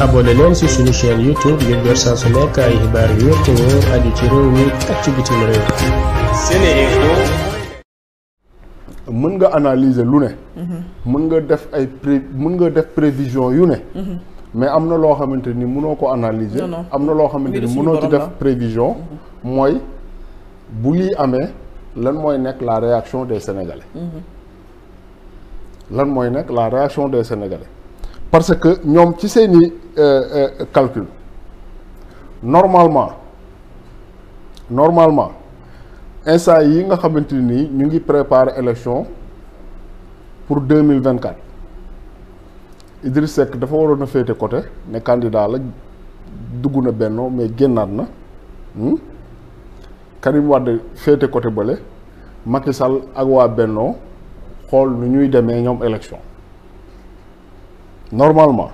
abonné leen ci suñu chaîne YouTube ngir jot saa su nekk yu wér te ci réew mi ak ci bitim mën nga analyser lu ne. Mhm. mën nga def ay pré mën nga def prévision yu ne. Mhm. mais am na loo xamante ni mënoo ko analyser. am na loo xamante ni mënoo ci def prévision. Mhm. mooy bu lii amee lan mooy nekk la réaction des Sénégalais. lan mooy nekk la réaction de Sénégalais. parce que ñoom ci seeni euh, euh, calcul normalement normalement instant yi nga xamante nii ñu ngi préparer élection pour deux mille vingt quatre Idriss Seck dafa waroon a féete côté ne candidat la dugg na bennoo mais génnaat na hmm? Karim Wade féete côté bële Macky Sall ak waa Benno xool nu ñuy demee ñoom élection normalement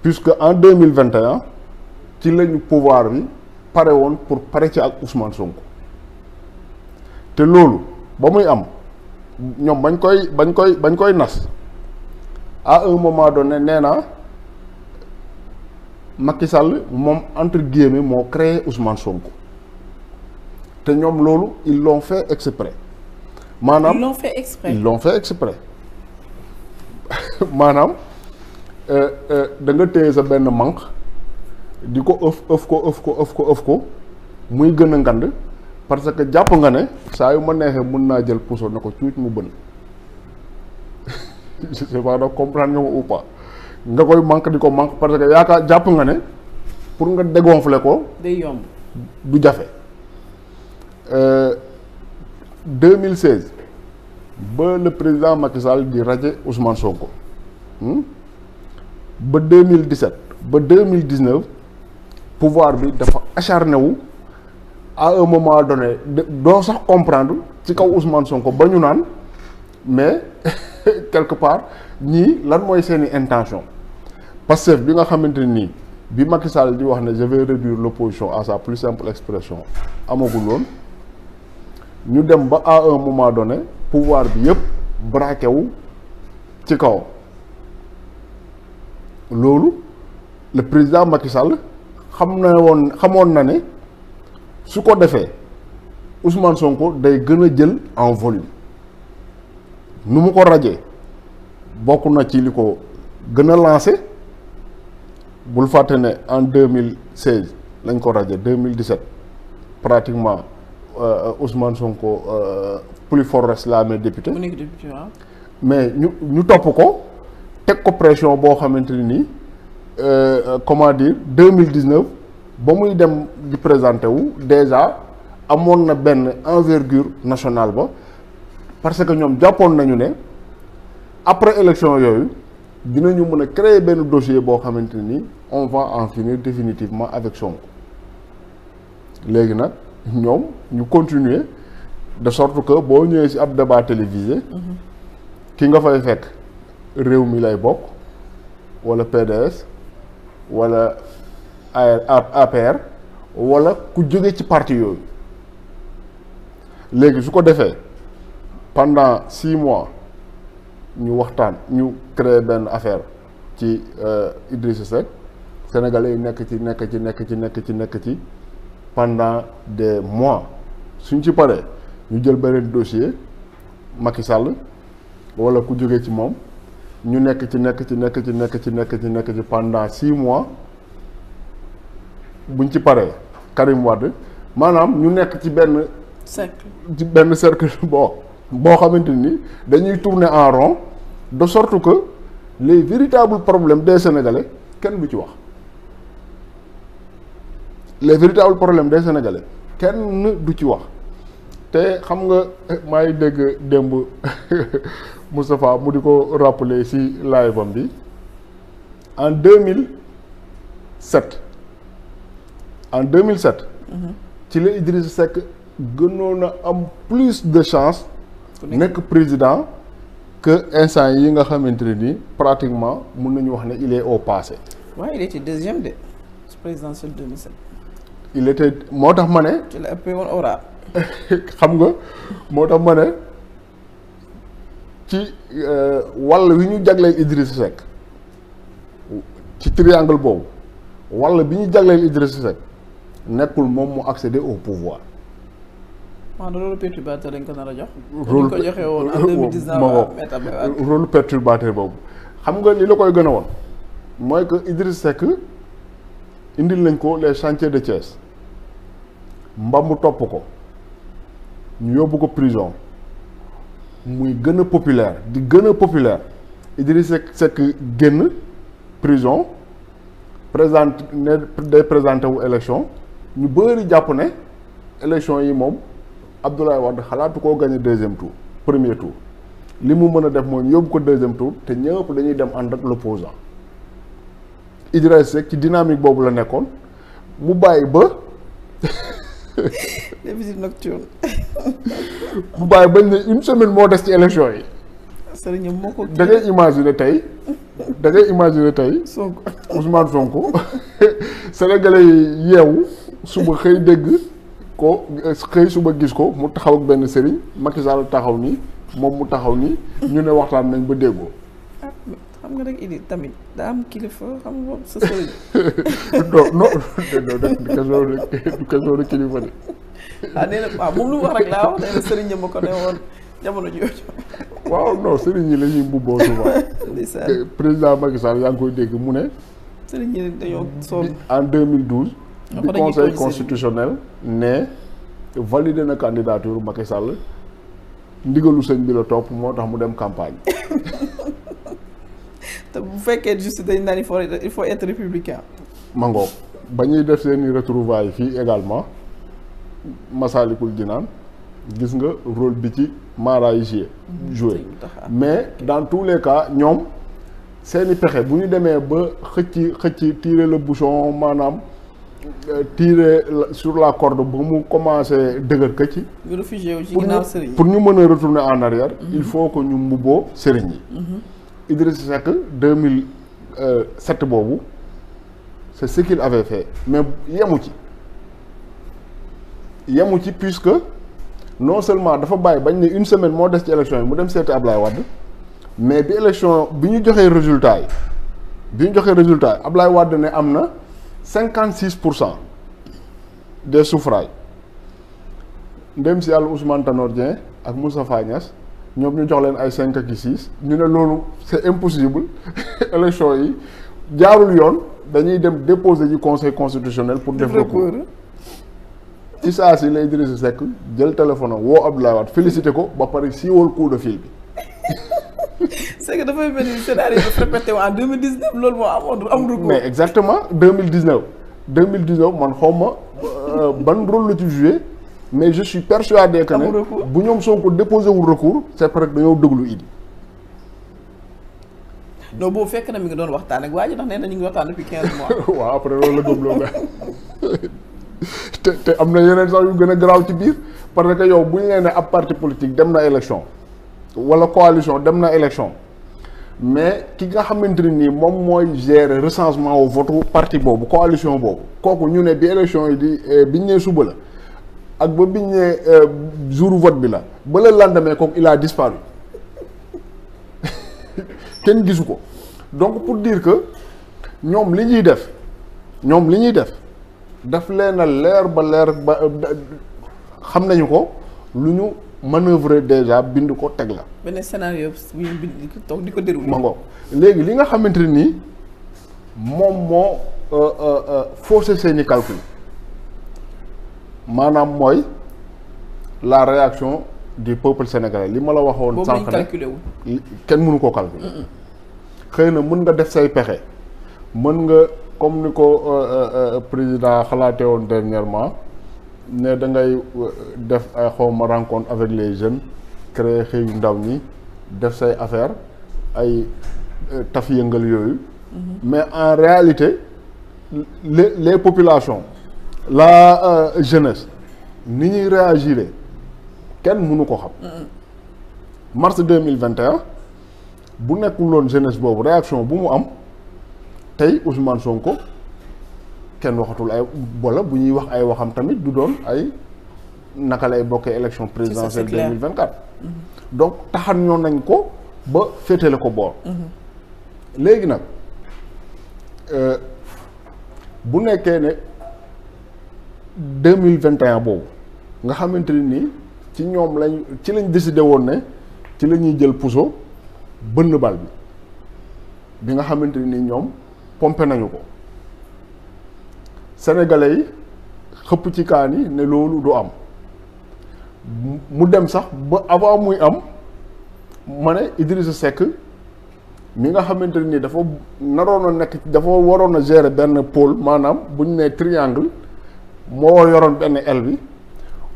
puisque en deux mille vingt et ci lañu pouvoir bi pare woon pour pare ci ak Ousmane Sonko te loolu ba muy am ñoom bañ koy bañ koy bañ koy nas a un moment donné nee naa Macky moom entre guillemets moo créer Ousmane Sonko te ñoom loolu il long fait exprès maanaam ils l'ont fait exprès ils maanaam euh, euh, da nga téye sa benn manque di ko ëf ëf ko ëf ko ëf ko ëf ko muy gën a ngand parce que jàpp nga ne saa yu ma neexee mun naa jël puso na ko cuuc mu bën je sais pas donc comprendre nga koy manque di ko manque parce que yaakaar jàpp nga ne pour nga dégonfler ko. day yomb du jafe. 2016 euh, ba le président Macky Sall di raje Ousmane ko ba 2017 ba 2019 pouvoir bi dafa acharné wu à un moment donné doo sax comprendre ci kaw Ousmane Sonko ba ñu naan mais quelque part ñii lan mooy seeni intention Pastef bi nga xamante nii bi Macky di wax ne je vais réduire l'opposition à sa plus simple expression amagul woon ñu dem ba à un moment donné pouvoir bi yëpp braqué wu ci kaw loolu le président Macky Sall xam na woon xamoon na ne su ko defee Ousmane Sonko day gën a jël en volume nu mu ko rajee bokk na ci li ko gën a lancé bul fàtte ne en deux mille seize lañ ko rajee deux mille dix-sept pratiquement euh, Ousmane Sonko euh, plus fort la mais député. mu mais ñu ñu topp ko. teg boo xamante ne nii euh, comment dire deux mille dix neuf ba muy dem di présenté wu déjà amoon na benn envergure nationale ba parce que ñoom jàppoon nañu ne après élection yooyu dinañu mën a créer benn dossier boo xamante ni on va en finir définitivement avec Sonko léegi nag ñoom ñu continuer de sorte que boo ñëwee ci ab débat télévisé mm-hmm. ki nga fay fekk réew mi lay bokk wala PDS wala APR wala ku jóge ci parti yooyu léegi su ko defee pendant six mois ñu waxtaan ñu créé benn affaire ci euh, Idrissa Seck sénégalais yi nekk ci nekk ci nekk ci nekk ci nekk ci pendant des mois suñ ci paree ñu jël beneen dossier Macky Sall wala ku jóge ci moom ñu nekk ci nekk ci nekk ci nekk ci nekk ci nekk ci pendant six mois buñ ci paree Karim Wade maanaam ñu nekk ci benn. cercle ci benn cercle boo boo xamante ni dañuy tourner en rond de sorte que le véritables problème des Sénégalais kenn du ci wax les véritables problèmes des Sénégalais kenn du ci wax te xam nga eh, maa ngi dégg démb Moustapha mu di ko rappeler ci live am bi en 2007 en 2007. ci la Idrissa sec gënoon a am plus de chance. nekk président que instant yi nga xamante ne nii pratiquement mun nañu wax ne il est au passé. waaw il était deuxième de présidentielle 2007. il était moo tax ma ne. ci la ëppee woon xam nga moo tax ma ne. ci euh, wàll wi ñu jagleel Idriss Seck ci triangle boobu walla bi ñu jagleel Idriss Seck nekkul moom mu accéder au pouvoir. maanaam ah, rôle perturbateur dañ ko nar a jox. rôle ko joxee woon en 2019 rôle boobu xam nga li la koy gën a woon mooy que Idriss Seck indil nañ ko les chantiers de Thiès mbambu topp ko ñu yóbbu ko prison. muy gën a populaire di gën a populaire Idrissa Seck génn prison présente ne day présenté wu élection ñu bëri jàpp ne élection yi moom Abdoulaye Wade xalaatu koo gagné deuxième tour premier tour li mu mën a def mooy yóbbu ko deuxième tour te ñëpp dañuy dem ànd ak l'opposant Idrissa Seck ci dynamique boobu la nekkoon mu bàyyi ba des visites nocturnes. bu bàyyi bañ ne une semaine moo des ci élection yi. sëriñ moo ko. da ngay imaginer tey da ngay imaginer tey. Sonko Ousmane Sonko sénégalais yi yeewu suba xëy dégg ko xëy suba gis ko mu taxaw ak benn sëriñ Macky Sall taxaw nii moom mu taxaw nii. ñu ne waxtaan nañ ba déggoo. xam nga rek idi tamit daa am kilifa xam nga sa sëriñ. non non non du kasoolu kilifa de. ah nee na waaw moom lu mu wax rek laa wax nee na sëriñ ña ma ko ne woon jamono jooju. waaw non sëriñ ñi la ñuy mbubboo souvent. Eh, président Macky Sall yaa ngi koy dégg mu ne. sëriñ ñi dañoo soog. en 2012. bi conseil constitutionnel ne validé na candidature Macky Sall ndigalu sëñ bi la topp moo tax mu dem campagne. te bu fekkee juste dañ naan il faut il faut être républicain. Mango ba ñuy def seen i yi fii également Masaalikul Jinaan gis nga rôle bi ci Mara yi mm, joué mais dans tous les cas ñoom seeni pexe bu ñu demee ba xëcc xëcc tirer le bouchon maanaam. Euh, tirer sur la corde ba mu commencé dëgër këcc. réfugié wu ci ginnaaw sëriñ pour ñu mën a retourner en arrière. Mm-hmm. il faut que ñu mbubboo sëriñ yi. Mm-hmm. Idriss Seck 2007 boobu c'est ce qu'il avait fait mais yemu ci yemu ci puisque non seulement dafa bàyyi bañ ne une semaine moo des ci élection yi mu dem seeti Ablaye Wade mais bi élection bi ñu joxee résultat yi bi ñu joxee résultat yi Ablaye Wade ne am na cinquante six pour cent des suffrages ndem si yàlla Ousmane Tanor Dieng ak Moustapha Niass ñoom ñu jox leen ay cinq ak six ñu ne loolu c'est impossible élection yi jaarul yoon dañuy dem déposer ji conseil constitutionnel pour def recours ci saa si lay Idrissa Seck jël téléphone am woo Abdoulaye Wade félicité ko ba pare siiwal coup de fil bi c'est que dafay mel ni scénario bi répété en deux mille dix neuf loolu moo amoon am recours mais exactement deux mille dix neuf deux mille dix neuf man xaw ma euh, ban rôle la ci joué mais je suis persuadé que ne bu ñoom Sonko déposé wul recours c'est parce que dañoo déglu Idi. non boobu fekk na mi ngi doon waxtaan ak waa ji ndax nee na ñu ngi waxtaan depuis 15 mois. waaw après loolu la gëm loolu te am na yeneen sax yu gën a garaaw ci biir parce que yow bu ñu nee ne ab parti politique dem na élection wala coalition dem na élection mais ki nga xamante ne nii moom mooy gérer recensement au vote parti boobu coalition boobu kooku ñu ne bi élection yi di eh, bi ñu nee suba la. ak ba biñ euh, jour vote bi la ba le lendemain kooku il a disparu kenn gisu ko donc pour diir que ñoom li ñuy def ñoom li ñuy def daf leen leer ba leer ba xam nañu ko lu ñu manœuvrer déjà bind ko teg la. benn scénario bi bind di ko déroulé. ma ngoog léegi li nga xamante nii moom moo euh, euh, faussé seeni calcul. maanaam mooy la réaction di peuple sénégalais li ma la waxoon. sànq ne kenn mënu ko calculer. xëy na mën nga def say pexe mën nga comme ni ko euh, euh, euh, président xalaate woon dernièrement ne da ngay def ay xawma rencontre avec les jeunes créer xëyu ndaw ñi def say affaire ay taf yëngal yooyu. Mm-hmm. mais en réalité les les populations. la euh, jeunesse ni ñuy réagir kenn mënu ko xam. mars deux mille vingt et un bu nekkuloon jeunesse boobu réaction bu mu am tey Ousmane ko kenn waxatul ay wala bu ñuy wax ay waxam tamit du doon ay naka lay bokkee élection présidentielle deux mille vingt quatre mm-hmm. donc taxan ñoo nañ ko ba féetale ko boor. Mm-hmm. léegi nag euh, bu nekkee ne. deux mille vingt et boobu nga xamante ne nii ci ñoom lañu ci lañ décidé woon ne ci la ñuy jël puso bënn bal bi bi nga xamante ni ñoom pompe nañu ko sénégalais yi xëpp ci kaani yi ne loolu du am mu dem sax ba avant muy am ma ne Idrissa Seck mi nga xamante ne nii dafa naroon a nekk dafa waroon a gérer benn pôle maanaam bu ñu nee triangle. moo yoroon benn el bi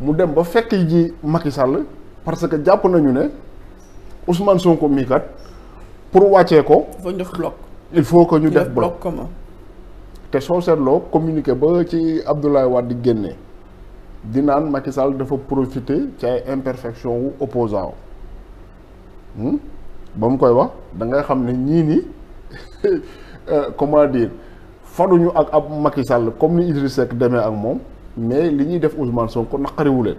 mu dem ba fekk ji Macky Sall parce que jàpp nañu ne Ousmane Sonko mii kat pour wàccee ko. il faut il faut que ñu def bloc comment. te soo seetloo communiqué ba ci Abdoulaye Wade di génnee di naan Macky Sall dafa profiter ci ay imperfection wu opposant hmm? ba mu koy wax da ngay xam ne ñii ni euh, comment dire. faruñu ak ab Macky Sall comme ni Idriss Seck demee ak moom mais li ñuy def Ousmane Sonko naqariwu leen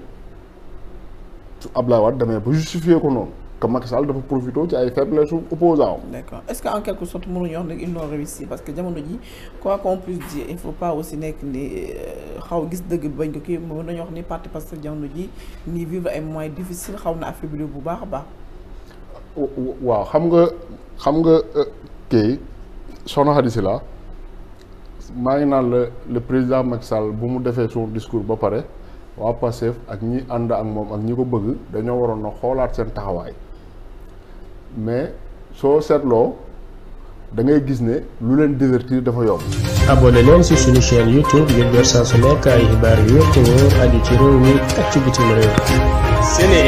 su Abdoulaye Wade demee ba justifier ko noonu que Macky Sall dafa profité ci ay faiblesse su opposant d' accord est ce que en quelque sorte mënuñu wax ne ils l'ont nekk ni euh, xaw gis dëgg bañ ko kii mën nañu wax ni parti parce que jamono ji nii vivre ay moyens difficiles xaw na affaibli bu baax a baax. waaw xam nga xam nga euh, kii soxna Hadj Sylla maa ngi naan la le président Macky Sall bu mu defee son discours ba pare waa Pastef ak ñi ànd ak moom ak ñi ko bëgg dañoo waroon na xoolaat seen taxawaay mais soo seetloo dangay gis ne lu leen divertir dafa yomb. abonné leen ci suñu chaîne YouTube ngir jot saa su nekk ay xibaar yu wér te ci réew mi ak ci réew.